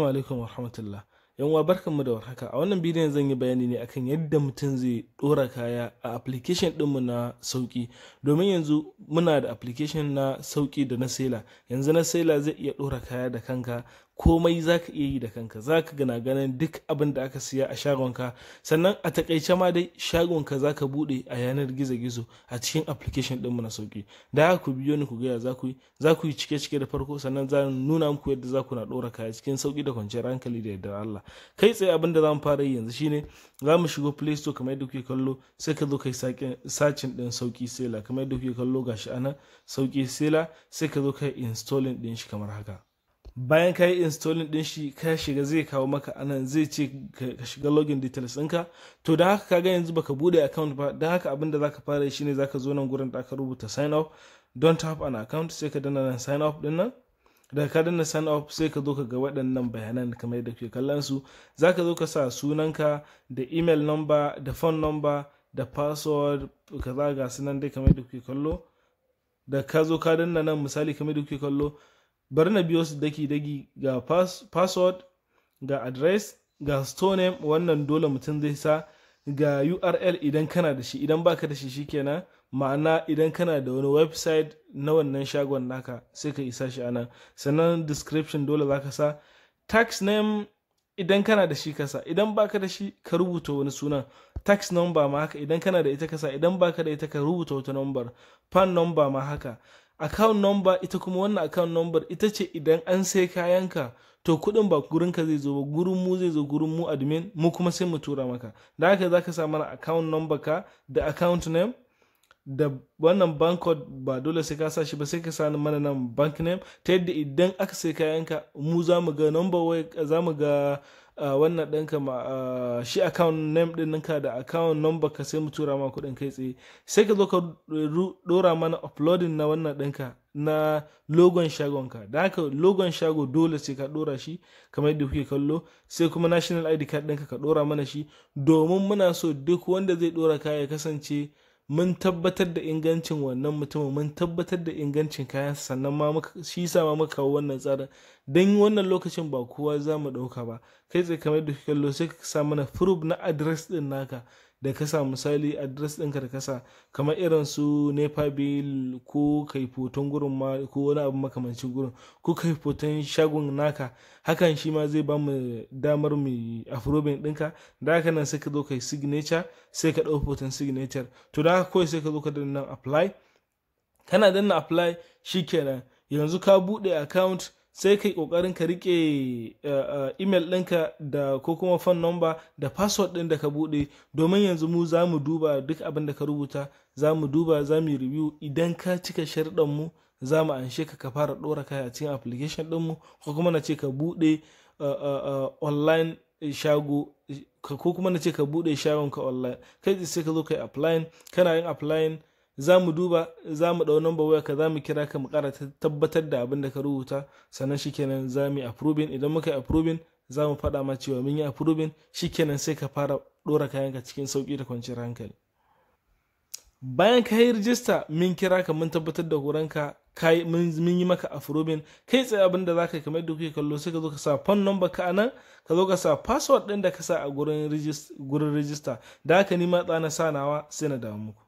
Assalamu alaikum wa rahmatullah. Yanwa barkanmu da warhaka. A wannan bidiyon zan yi bayani ne akan yadda mutum zai dora kaya a application ɗinmu na sauki. Domin yanzu muna da application na sauki da na sela. Yanzu na sela zai iya ɗora kaya da kanka komai za ka iya yi da kanka za ka gana ganin duk abin da aka siya a shagonka sannan a takaice ma dai shagonka za ka bude a yanar gizo-gizo a cikin application mu na sauki da haka ku biyo ni ku gaya za ku yi za ku yi cike-cike da farko sannan za nuna muku yadda za ku na ɗora kaya cikin sauki da kwanciyar hankali da yardar Allah kai tsaye abin da za mu fara yi yanzu shine za mu shigo play store kamar yadda kuke kallo sai ka zo kai sacin ɗin sauki sela kamar yadda kuke kallo gashi ana sauki sela sai ka zo kai installing ɗin shi kamar haka bayan ka yi installing din shi ka shiga zai kawo maka anan zai ce ka shiga login details ɗinka to da haka kaga yanzu baka bude account ba da haka abinda zaka fara shine zaka zo nan gurin da aka rubuta sign up don't have an account sai ka danna nan sign up din nan da ka danna sign up sai ka zo ka ga waɗannan bayanan kamar yadda kuke kallon su zaka zo ka sa sunanka da email number da phone number da password kaza ga sunan dai kamar yadda kuke kallo da ka zo ka danna nan misali kamar yadda kuke kallo bari na biyo su daki-daki ga password ga address ga store name wannan dole mutum zai sa ga url idan kana da shi idan baka da shi shikenan ma'ana idan kana da wani website na wannan shagon naka sai ka isa shi anan sannan description dole za ka sa tax name idan kana da shi kasa idan baka da shi ka rubuta wani sunan tax number ma haka idan kana da ita kasa idan baka da ita ka rubuta wata number pan number ma haka account number ita kuma wannan account number ita ce idan an sai kayanka to kuɗin ba gurinka zai zo ba gurin mu zai zo gurin mu admin mu kuma sai mu tura maka da haka za ka mana account number ka da account name da wannan bank code ba dole sai ka sa shi ba sai ka sani mana nan bank name ta yadda idan aka sai kayanka mu za mu ga number wai za mu ga wannan ɗinka ma shi account name ɗin ninka da account number ka sai mu tura ma kuɗin kai tsaye sai ka zo ka ɗora mana uploading na wannan ɗinka na logon shagon ka da haka logon shago dole sai ka ɗora shi kamar yadda kuke kallo sai kuma national id card ɗinka ka ɗora mana shi domin muna so duk wanda zai ɗora kaya ya kasance mun tabbatar da ingancin wannan mutumin mun tabbatar da ingancin kayan sannan ma shi sa ma muka kawo wannan tsarin don wannan lokacin ba kowa za mu ɗauka ba kai tsaye kamar da kallo sai ka sa mana furub na adires ɗin naka da kasa misali adres ɗinka da kasa kamar irin su nepa bill ko kai foton gurin ma ko wani abu makamancin gurin ko kai foton shagon naka hakan shi ma zai bamu damar mu afrobin ɗinka da haka nan sai ka zo kai signature sai ka ɗau foton signature to da haka kawai sai ka zo ka danna apply kana danna apply shikenan yanzu ka buɗe account sai kai kokarin ka rike eh, eh, email ɗinka da ko kuma phone number da password ɗin da ka buɗe domin yanzu mu za mu duba duk abin da ka rubuta za mu duba za mu yi review idan ka cika sharɗan mu za mu anshe ka ka fara ɗora kai a cikin application ɗin mu ko kuma na ce ka buɗe eh, online shago ko kuma na ce ka buɗe shagon ka online kai sai ka zo kai applying kana yin applying za mu duba za mu ɗau namba waya ka za mu kira ka mu ƙara tabbatar da abin da ka rubuta sannan shikenan za mu yi approving idan muka yi approving za mu faɗa ma cewa mun yi approving shikenan sai ka fara ɗora kayan ka cikin sauƙi da kwanciyar hankali bayan ka yi rijista mun kira ka mun tabbatar da horonka mun yi maka afrobin kai tsaye abin da zaka kamar da kuke kallo sai ka zo ka sa phone number ka nan ka zo ka sa password ɗin da ka sa a gurin rijista da haka ni ma tsana sanawa sai na damu. muku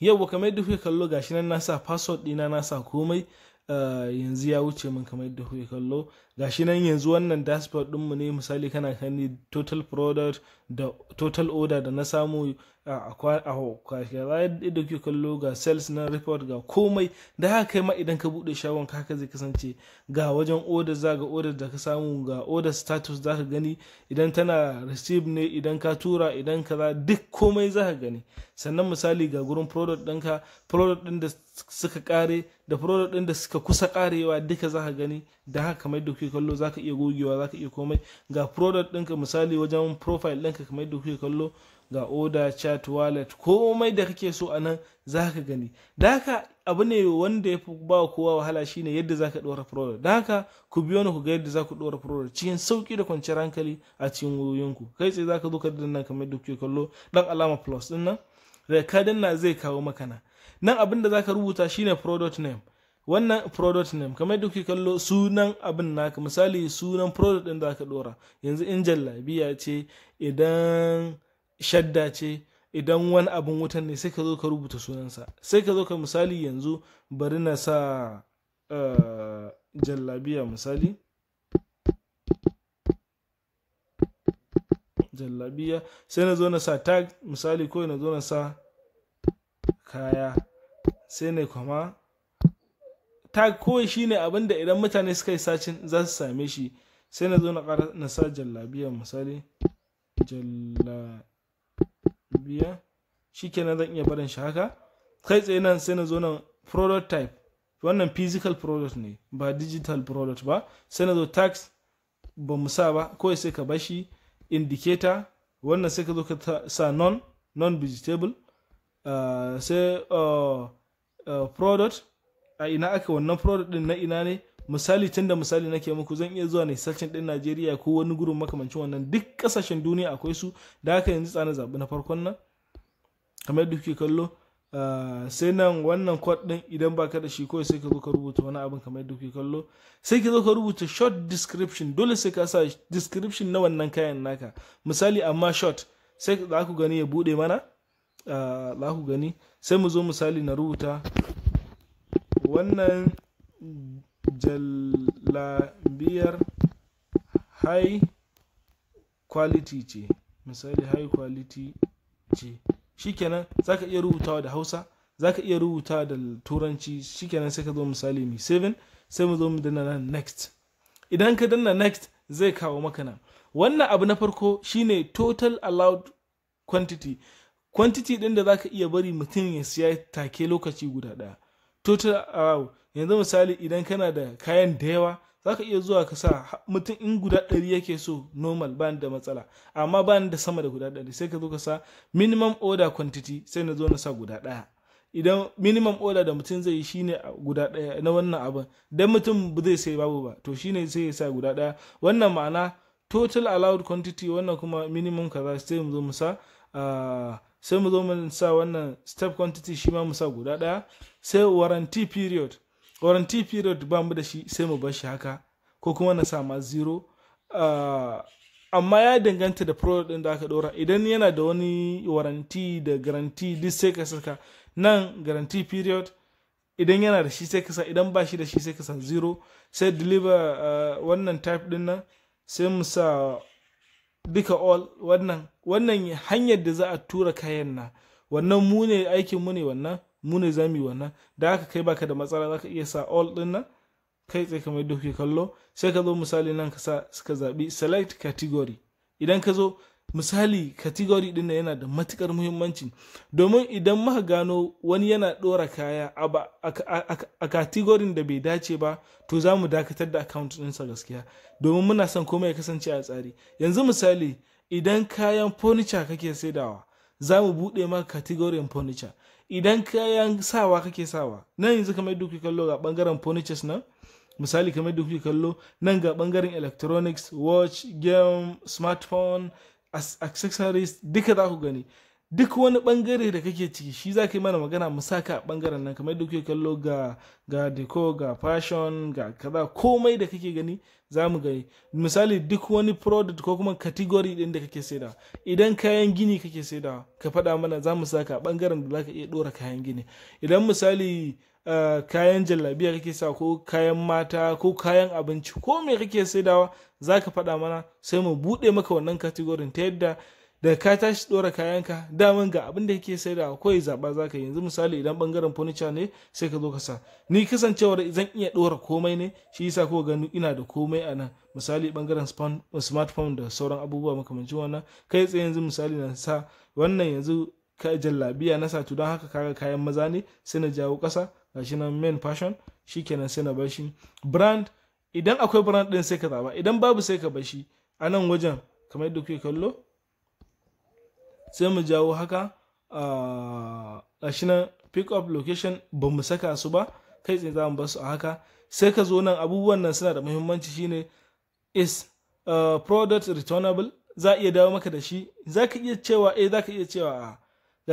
yau kamar yadda kuke kallo gashi nan na password dina nasa komai ah, yanzu ya wuce min kamar yadda kuke kallo gashi nan yanzu wannan dashboard mu ne misali kana kani total product da total order da na samu a kwashe bayan da kuke kallo ga sales na report ga komai da haka kai ma idan ka bude shagon ka haka zai kasance ga wajen order za ga order da ka samu ga order status za ka gani idan tana receive ne idan ka tura idan kaza duk komai za ka gani sannan misali ga gurin product ɗinka product ɗin da suka kare da product din da suka kusa karewa duka zaka gani da haka kamar da kuke kallo zaka iya gogewa zaka iya komai ga product ɗinka misali wajen profile ɗinka kamar da kuke kallo ga oda chat wallet komai da kake so a nan gani da haka abu ne wanda ya fi ba kowa wahala shine yadda zaka ɗora product da haka ku biyo ni ku ga yadda za ku ɗora product cikin sauki da kwanciyar hankali a cikin wayoyinku kai tsaye zaka zo ka danna kamar da kuke kallo dan alama plus ɗin nan rekadin na zai kawo maka nan nan abin da zaka rubuta shine product name wannan product name kamar yadda kuke kallo sunan abin naka misali sunan product din da ka dora yanzu in jallabiya ce idan shadda ce idan wani abin wutan ne sai ka zo ka rubuta sunansa sai ka zo ka misali yanzu bari na sa uh, eh, jallabiya misali jallabiya sai na zo na sa tag misali ko na zo na sa kaya sai ne kuma tag kowai shine ne abinda idan mutane suka yi sacin za su same shi sai na zo na sa jallabiya misali jallabiya na zan iya barin shi haka kai tsaye nan sai na zo nan prototype wannan physical product ne ba digital product ba sai na zo tax ba mu sa ba kawai sai ka bashi indicator wannan sai ka zo ka sa non non vegetable Eh, sai eh, eh, product a ina aka wannan product din na ina ne misali tun da misali nake muku zan iya zuwa ne sashen din Najeriya ko wani gurin makamancin wannan duk kasashen duniya akwai su da haka yanzu tsana zaɓi na farkon nan kamar yadda kuke kallo sai nan wannan code din idan ba ka da shi kawai sai ka zo ka rubuta wani abin kamar yadda kuke kallo sai ka zo ka rubuta short description dole sai ka sa description na wannan kayan naka misali amma short sai za ku gani ya buɗe mana za ku gani sai mu zo misali na rubuta wannan jallabiyar high quality ce misali high quality ce shikenan zaka iya rubutawa da hausa zaka iya rubuta da turanci shikenan sai ka zo misali mi 7 sai mu zo mu danna nan next idan ka danna next zai kawo maka nan wannan abu na farko shine total allowed quantity kwantiti ɗin da zaka iya bari mutum ya siya take lokaci guda ɗaya total around yanzu misali idan kana da kayan da yawa zaka iya zuwa ka sa mutum in guda ɗari yake so normal ba da matsala amma ba da sama da guda ɗari sai ka zo ka sa minimum order quantity sai na zo na sa guda ɗaya idan minimum order da mutum zai yi shine guda ɗaya na wannan abin dan mutum zai sai babu ba to shine sai ya sa guda ɗaya wannan ma'ana total allowed quantity wannan kuma minimum kaza sai mu zo mu sa ah, sai mu zo mu sa wannan step quantity shi ma mu sa guda ɗaya sai warranty period warranty period ba mu da shi sai mu bar shi haka ko kuma na sa ma zero ah, amma ya danganta da product ɗin da aka ɗora idan yana da wani warranty da guarantee duk sai ka saka nan guarantee period idan yana da shi sai ka sa idan ba shi da shi sai ka sa zero sai deliver ah, wannan type ɗin nan sai mu sa duka all wannan wannan hanyar da za a tura kayan na wannan mu ne aikin mu ne wannan mu ne za wannan da haka kai baka da matsala za ka iya sa all din nan kai tsaye kamar yadda kallo sai ka zo misali nan ka sa suka zaɓi select category idan ka zo misali category din yana da matukar muhimmanci domin idan muka gano wani yana ɗora kaya a category da bai dace ba to za mu dakatar da account ɗinsa gaskiya domin muna son komai ya kasance a tsari yanzu misali idan kayan furniture kake saidawa za mu buɗe maka category furniture idan kayan sawa kake sawa nan yanzu kamar duk kallo ga bangaren furniture nan misali kamar duk kallo nan ga bangaren electronics watch game smartphone accessories duka za ku gani duk wani bangare da kake ciki shi za ka yi mana magana mu saka a bangaren nan kamar duk kallo ga ga deco ga fashion ga kaza komai da kake gani za mu gani misali duk wani product ko kuma category din da kake saida idan kayan gini kake saida ka faɗa mana za mu saka a bangaren da za ka iya ɗora kayan gini idan misali Eh, kayan jallabiya kake sa ko kayan mata ko kayan abinci ko me kake saidawa za ka faɗa mana sai mu buɗe maka wannan katigorin ta yadda da ka tashi ɗora kayanka daman ga abin da kake saidawa ko ya zaɓa za ka yanzu misali idan ɓangaren furniture ne sai ka zo ka sa ni kasancewar zan iya ɗora komai ne shi yasa ko gani ina da komai a nan misali ɓangaren smartphone da sauran abubuwa makamancin wannan kai tsaye yanzu misali na sa wannan yanzu kai jallabiya na satu don haka kaga kayan maza ne sai na jawo ƙasa gashi nan main fashion shikenan sai na bar shi brand idan akwai brand din sai ka zaba idan babu sai ka bar shi a nan wajen kamar yadda kuke kallo sai mu jawo haka gashi nan pick up location ba mu saka su ba kai tsaye za mu bar su a haka sai ka zo nan abubuwan nan suna da muhimmanci shine is product returnable za a iya dawo maka da shi za ka iya cewa eh za ka iya cewa a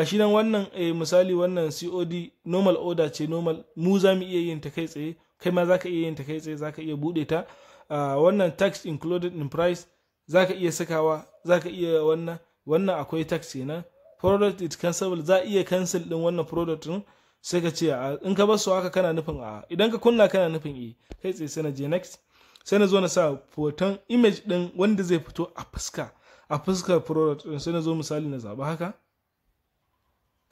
shi nan wannan eh, misali wannan COD normal order ce normal mu za mu iya yin ta kai tsaye kai ma za ka iya yin ta kai tsaye za ka iya buɗe ta uh, wannan tax included in price za ka iya sakawa za ka iya wannan wannan akwai tax kenan product it cancelable za iya cancel din wannan product din sai ka ce ah, in ka bar su haka kana nufin a ah, idan ka kunna kana nufin e kai tsaye sai na je next sai na zo na sa hoton image din wanda zai fito a fuska a fuskar product din sai na zo misali na zaba haka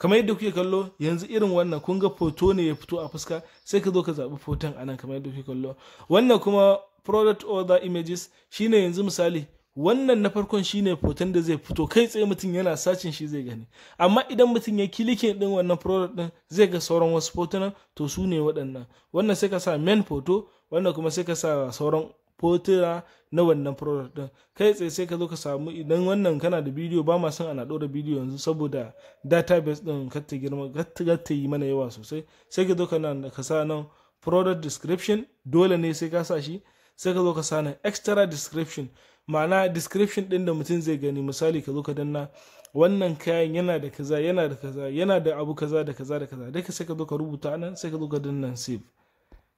kamar yadda kuke kallo yanzu irin wannan kun ga foto ne ya fito a fuska sai ka zo ka zaɓi foton nan kamar yadda kuke kallo wannan kuma product order images shine yanzu misali wannan na farkon shine foton da zai fito kai tsaye mutum yana sacin shi zai gani amma idan mutum ya kilike din wannan product din zai ga sauran wasu fotunan to su ne waɗannan wannan sai ka sa main photo wannan kuma sai ka sa sauran hotuna na wannan product din kai tsaye sai ka zo ka samu idan wannan kana da bidiyo ba ma son ana ɗora bidiyo yanzu saboda database din kar ta girma kar ta yi mana yawa sosai sai ka zo ka nan ka sa nan product description dole ne sai ka sa shi sai ka zo ka sa nan extra description ma'ana description din da mutum zai gani misali ka zo ka danna wannan kayan yana da kaza yana da kaza yana da abu kaza da kaza da kaza duka sai ka zo ka rubuta nan sai ka zo ka danna save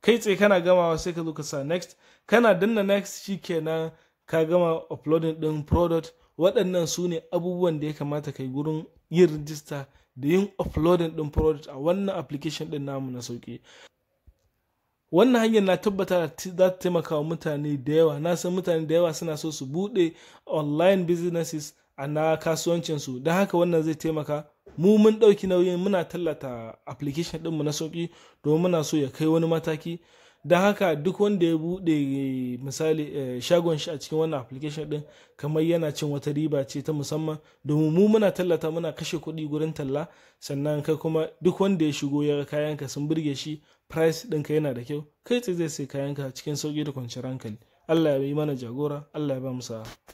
kai tsaye kana gamawa sai ka zo ka sa next kana danna next shikenan ka gama uploading din product waɗannan su ne abubuwan da ya kamata kai gurin yin register da yin uploading din product a wannan application din namu na sauki wannan hanyar na tabbata za ta taimaka wa mutane da yawa na san mutane da yawa suna so su buɗe online businesses a na kasuwancinsu don haka wannan zai taimaka mu mun ɗauki nauyin muna tallata application ɗinmu na sauƙi domin muna so ya kai wani mataki don haka duk wanda ya buɗe misali eh, shagon shi a cikin wannan application ɗin kamar yana cin wata riba ce ta musamman domin mu muna tallata muna kashe kuɗi gurin talla sannan kai kuma duk wanda ya shigo ya kayanka sun burge shi price ɗinka yana da kyau kai tsaye zai sai kayanka cikin sauƙi da kwanciyar hankali Allah ya yi mana jagora Allah ya ba mu sa'a